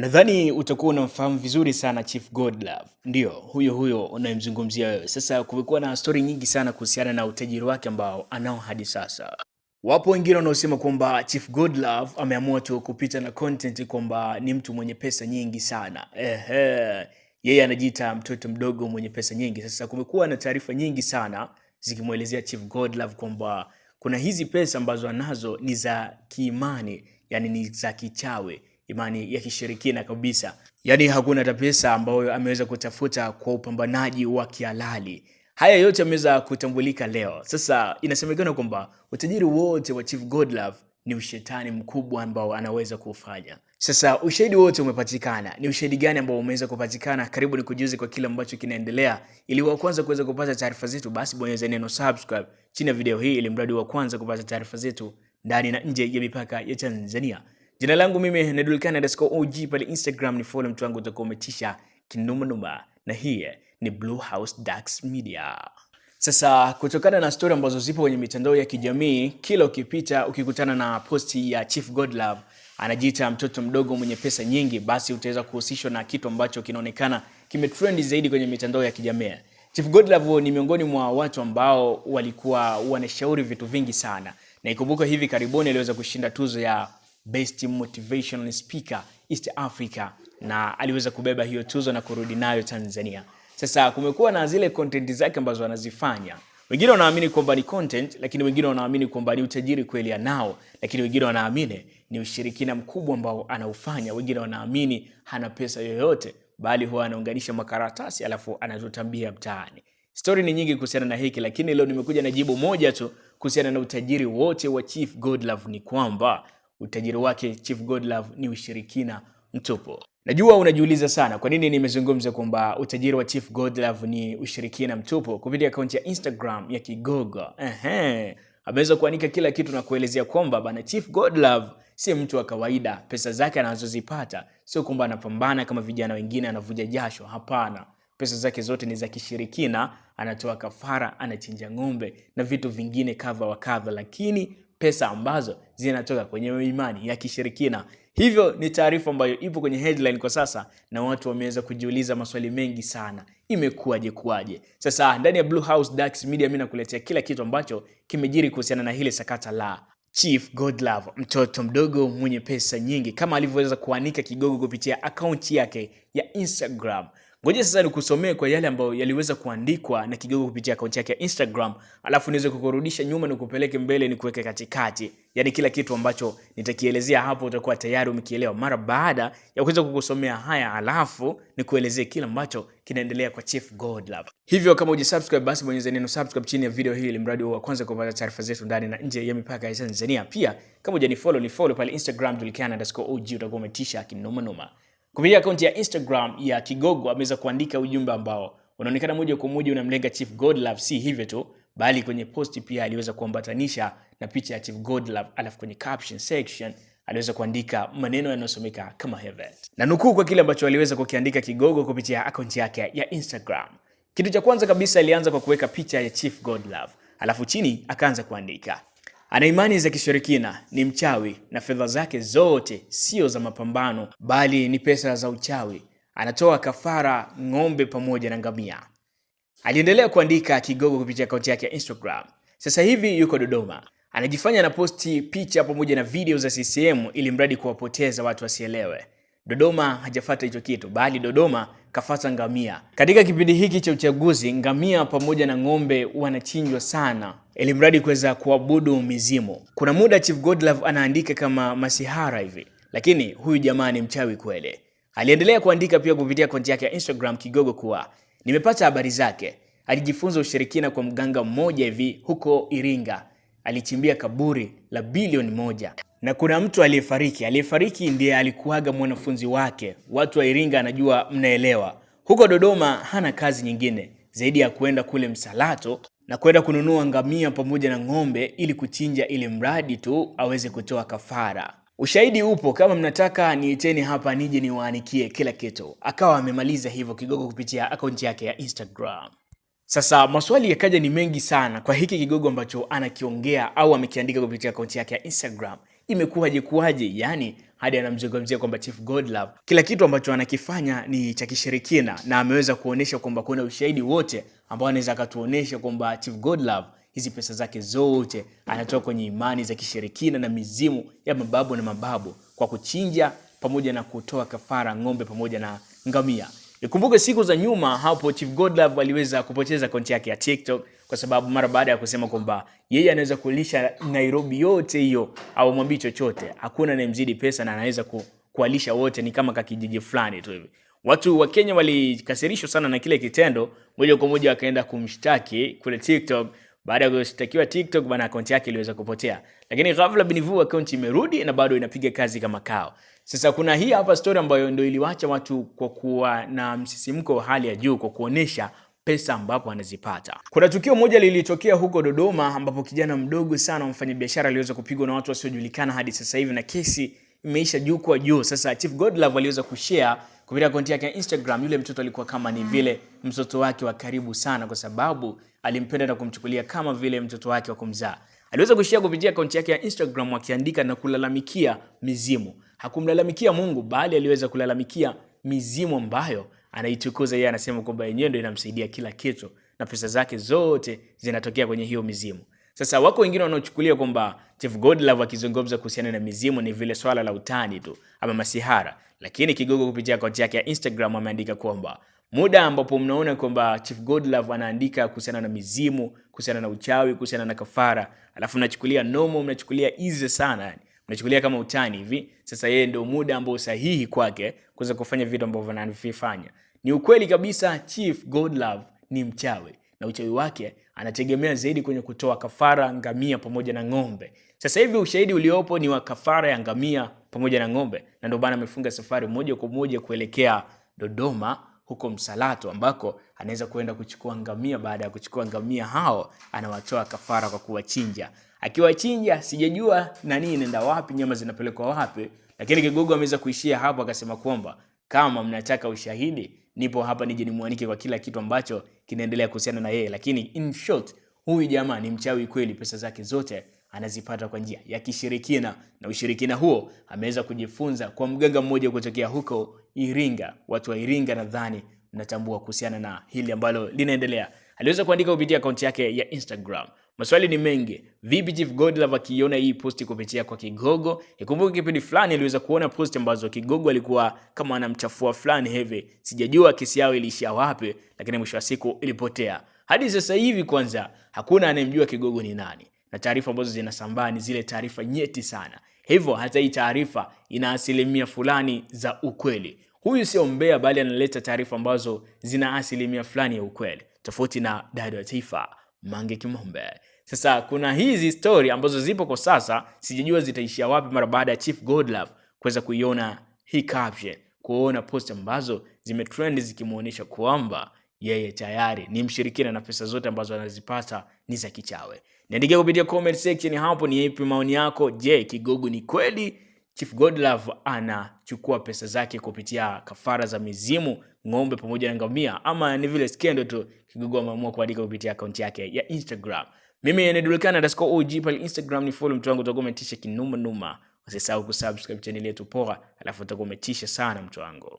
Nadhani utakuwa unamfahamu vizuri sana Chief Godlove, ndio huyo huyo unayemzungumzia wewe. Sasa kumekuwa na stori nyingi sana kuhusiana na utajiri wake ambao anao hadi sasa. Wapo wengine wanaosema kwamba Chief Godlove ameamua tu kupita na content kwamba ni mtu mwenye pesa nyingi sana. Ehe, yeye anajiita mtoto mdogo mwenye pesa nyingi. Sasa kumekuwa na taarifa nyingi sana zikimwelezea Chief Godlove kwamba kuna hizi pesa ambazo anazo ni za kiimani, yani ni za kichawi imani ya kishirikina kabisa, yaani hakuna hata pesa ambayo ameweza kutafuta kwa upambanaji wa kihalali. Haya yote yameweza kutambulika leo. Sasa inasemekana kwamba utajiri wote wa Chief Godlove ni ushetani mkubwa ambao anaweza kufanya Sasa ushahidi wote umepatikana. Ni ushahidi gani ambao umeweza kupatikana? Karibu ni kujuzi kwa kile ambacho kinaendelea. Ili wa kwanza kuweza kupata taarifa zetu, basi bonyeza neno subscribe chini ya video hii, ili mradi wa kwanza kupata taarifa zetu ndani na nje ya mipaka ya Tanzania. Jina langu mimi ni Dulkani underscore OG pale Instagram, ni follow mtu wangu, utakuwa umetisha kinomanoma, na hii ni Blue House Dax Media. Sasa kutokana na story ambazo zipo kwenye mitandao ya kijamii, kila ukipita ukikutana na posti ya Chief Godlove anajiita mtoto mdogo mwenye pesa nyingi, basi utaweza kuhusishwa na kitu ambacho kinaonekana kimetrendi zaidi kwenye mitandao ya kijamii. Chief Godlove ni miongoni mwa watu ambao walikuwa wanashauri vitu vingi sana, na ikumbuka hivi karibuni aliweza kushinda tuzo ya best motivational speaker East Africa, na aliweza kubeba hiyo tuzo na kurudi nayo Tanzania. Sasa kumekuwa na zile content zake ambazo anazifanya wengine wanaamini kwamba ni content, lakini wengine wanaamini kwamba ni utajiri kweli anao, lakini wengine wanaamini ni ushirikina mkubwa ambao anaufanya. Wengine wanaamini hana pesa yoyote, bali huwa anaunganisha makaratasi alafu anazotambia mtaani. Stori ni nyingi kuhusiana na hiki, lakini leo nimekuja na jibu moja tu kuhusiana na utajiri wote wa Chief Godlove ni kwamba utajiri wake Chief Godlove ni ushirikina mtupu. Najua unajiuliza sana kwa nini nimezungumza kwamba utajiri wa Chief Godlove ni ushirikina mtupu kupitia akaunti ya Instagram ya Kigogo. Ehe, ameweza kuanika kila kitu na kuelezea kwamba bana Chief Godlove si mtu wa kawaida. Pesa zake anazozipata sio kwamba anapambana kama vijana wengine, anavuja jasho. Hapana, pesa zake zote ni za kishirikina. Anatoa kafara, anachinja ng'ombe na vitu vingine kadha wa kadha, lakini pesa ambazo zinatoka kwenye imani ya kishirikina. Hivyo ni taarifa ambayo ipo kwenye headline kwa sasa, na watu wameweza kujiuliza maswali mengi sana, imekuwaje kuwaje? Sasa ndani ya Blue House Dax Media mimi nakuletea kila kitu ambacho kimejiri kuhusiana na hili sakata la Chief Godlove, mtoto mdogo mwenye pesa nyingi, kama alivyoweza kuanika kigogo kupitia akaunti yake ya Instagram. Ngoja sasa nikusomee kwa yale ambayo yaliweza kuandikwa na Kigogo kupitia akaunti yake ya Instagram, alafu niweze kukurudisha nyuma na kupeleke mbele, ni kuweke katikati. Yaani kila kitu ambacho nitakielezea hapo utakuwa tayari umekielewa mara baada ya kuweza kukusomea haya, alafu nikuelezee kila ambacho kinaendelea kwa Chief Godlove. Hivyo kama hujisubscribe, basi bonyeza neno subscribe chini ya video hii ili mradi wa kwanza kupata taarifa zetu ndani na nje ya mipaka ya Tanzania. Pia kama hujanifollow ni follow pale Instagram, julikana_og utakuwa umetisha kinoma noma. Kupitia akaunti ya Instagram ya Kigogo ameweza kuandika ujumbe ambao unaonekana moja kwa moja unamlenga Chief Godlove. Si hivyo tu, bali kwenye posti pia aliweza kuambatanisha na picha ya Chief Godlove, alafu kwenye caption section aliweza kuandika maneno yanayosomeka kama hivi, na nukuu kwa kile ambacho aliweza kukiandika Kigogo kupitia akaunti yake ya Instagram. Kitu cha kwanza kabisa alianza kwa kuweka picha ya Chief Godlove, alafu chini akaanza kuandika ana imani za kishirikina, ni mchawi na fedha zake zote sio za mapambano, bali ni pesa za uchawi. Anatoa kafara ng'ombe pamoja na ngamia. Aliendelea kuandika Kigogo kupitia akaunti yake ya Instagram. Sasa hivi yuko Dodoma, anajifanya na posti picha pamoja na video za CCM ili mradi kuwapoteza watu wasielewe. Dodoma hajafata hicho kitu, bali Dodoma kafata ngamia. Katika kipindi hiki cha uchaguzi, ngamia pamoja na ng'ombe wanachinjwa sana ili mradi kuweza kuabudu mizimu. Kuna muda Chief Godlove anaandika kama masihara hivi, lakini huyu jamaa ni mchawi kweli. Aliendelea kuandika pia kupitia konti yake ya Instagram Kigogo kuwa nimepata habari zake, alijifunza ushirikina kwa mganga mmoja hivi huko Iringa, alichimbia kaburi la bilioni moja na kuna mtu aliyefariki. Aliyefariki ndiye alikuwaga mwanafunzi wake. Watu wa Iringa anajua, mnaelewa. Huko Dodoma hana kazi nyingine zaidi ya kuenda kule Msalato na kwenda kununua ngamia pamoja na ng'ombe ili kuchinja, ili mradi tu aweze kutoa kafara. Ushahidi upo, kama mnataka niiteni hapa nije niwaanikie kila kitu. Akawa amemaliza hivyo kigogo kupitia akaunti yake ya Instagram. Sasa maswali yakaja ni mengi sana kwa hiki kigogo ambacho anakiongea au amekiandika kupitia akaunti yake ya Instagram. Imekuwaje kuwaje? Yani hadi anamzungumzia kwamba Chief Godlove kila kitu ambacho anakifanya ni cha kishirikina, na ameweza kuonesha kwamba kuna ushahidi wote ambao anaweza akatuonesha kwamba Chief Godlove hizi pesa zake zote anatoka kwenye imani za kishirikina na mizimu ya mababu na mababu kwa kuchinja pamoja na kutoa kafara ng'ombe pamoja na ngamia. Nikumbuke siku za nyuma hapo Chief Godlove aliweza kupoteza konti yake ya TikTok kwa sababu mara baada ya kusema kwamba yeye anaweza kulisha Nairobi yote hiyo, au mwambi chochote, hakuna anayemzidi pesa na anaweza ku, kualisha wote, ni kama kakijiji fulani tu hivi. Watu wa Kenya walikasirishwa sana na kile kitendo, moja kwa moja wakaenda kumshtaki kule TikTok. Baada ya kushtakiwa TikTok bana, akaunti yake iliweza kupotea, lakini ghafla binivu akaunti imerudi na bado inapiga kazi kama kao. Sasa kuna hii hapa story ambayo ndio iliwacha watu kwa kuwa na msisimko wa hali ya juu kwa kuonesha pesa ambapo anazipata. Kuna tukio moja lilitokea huko Dodoma ambapo kijana mdogo sana mfanyabiashara aliweza kupigwa na watu wasiojulikana hadi sasa hivi na kesi imeisha juu kwa juu. Sasa Chief Godlove aliweza kushare kupitia akaunti yake ya Instagram, yule mtoto alikuwa kama ni vile mtoto wake wa karibu sana, kwa sababu alimpenda na kumchukulia kama vile mtoto wake wa kumzaa. Aliweza kushare kupitia akaunti yake ya Instagram akiandika na kulalamikia mizimu. Hakumlalamikia Mungu, bali aliweza kulalamikia mizimu ambayo anaitukuza yeye, anasema kwamba yenyewe ndio inamsaidia kila kitu na pesa zake zote zinatokea kwenye hiyo mizimu. Sasa wako wengine wanaochukulia kwamba Chief Godlove akizungumza kuhusiana na mizimu ni vile swala la utani tu ama masihara, lakini Kigogo kupitia akaunti yake ya Instagram ameandika kwamba muda ambapo mnaona kwamba Chief Godlove anaandika kuhusiana na mizimu, kuhusiana na uchawi, kuhusiana na kafara, alafu mnachukulia nomo, mnachukulia easy sana yani mnachukulia kama utani hivi. Sasa yeye ndio muda ambao sahihi kwake kuweza kufanya vitu ambavyo anavifanya. Ni ukweli kabisa Chief Godlove ni mchawi na uchawi wake anategemea zaidi kwenye kutoa kafara ngamia pamoja na ng'ombe. Sasa hivi ushahidi uliopo ni wa kafara ya ngamia pamoja na ng'ombe, na ndio bana amefunga safari moja kwa moja kuelekea Dodoma huko Msalato ambako anaweza kuenda kuchukua ngamia. Baada ya kuchukua ngamia hao, anawatoa kafara kwa kuwachinja. Akiwachinja sijajua nani inaenda wapi, nyama zinapelekwa wapi, lakini Kigogo ameweza kuishia hapo, akasema kwamba kama mnataka ushahidi nipo hapa nije nimwanike kwa kila kitu ambacho kinaendelea kuhusiana na yeye, lakini in short, huyu jamaa ni mchawi kweli. Pesa zake zote anazipata kwa njia ya kishirikina, na ushirikina huo ameweza kujifunza kwa mganga mmoja kutokea huko Iringa. Watu wa Iringa nadhani mnatambua kuhusiana na hili ambalo linaendelea. Aliweza kuandika kupitia akaunti yake ya Instagram Maswali ni mengi. Vipi Chief Godlove akiona hii posti kupitia kwa Kigogo? Ikumbuke kipindi fulani aliweza kuona posti ambazo Kigogo alikuwa kama anamchafua fulani hivi. Sijajua kesi yao iliishia wapi, lakini mwisho wa siku ilipotea. Hadi sasa hivi kwanza hakuna anayemjua Kigogo ni nani. Na taarifa ambazo zinasambaa ni zile taarifa nyeti sana. Hivyo hata hii taarifa ina asilimia fulani za ukweli. Huyu sio mbea, bali analeta taarifa ambazo zina asilimia fulani ya ukweli, tofauti na dada wa taifa. Mange Kimombe. Sasa kuna hizi story ambazo zipo kwa sasa, sijajua zitaishia wapi mara baada ya Chief Godlove kuweza kuiona hii caption, kuona post ambazo zimetrend zikimuonesha kwamba yeye tayari ni mshirikina na pesa zote ambazo anazipata ni za kichawi. Niandikia kupitia comment section hapo, ni ipi maoni yako? Je, Kigogo ni kweli Chief Godlove anachukua pesa zake kupitia kafara za mizimu, ng'ombe pamoja na ngamia, ama ni vile skendo tu kigogo ameamua kuandika kupitia akaunti yake ya Instagram. Mimi najulikana underscore OG pale Instagram, ni follow mtu wangu, utakuwa umetisha kinuma numa. Usisahau kusubscribe channel yetu poa, alafu utakuwa umetisha sana mtu wangu.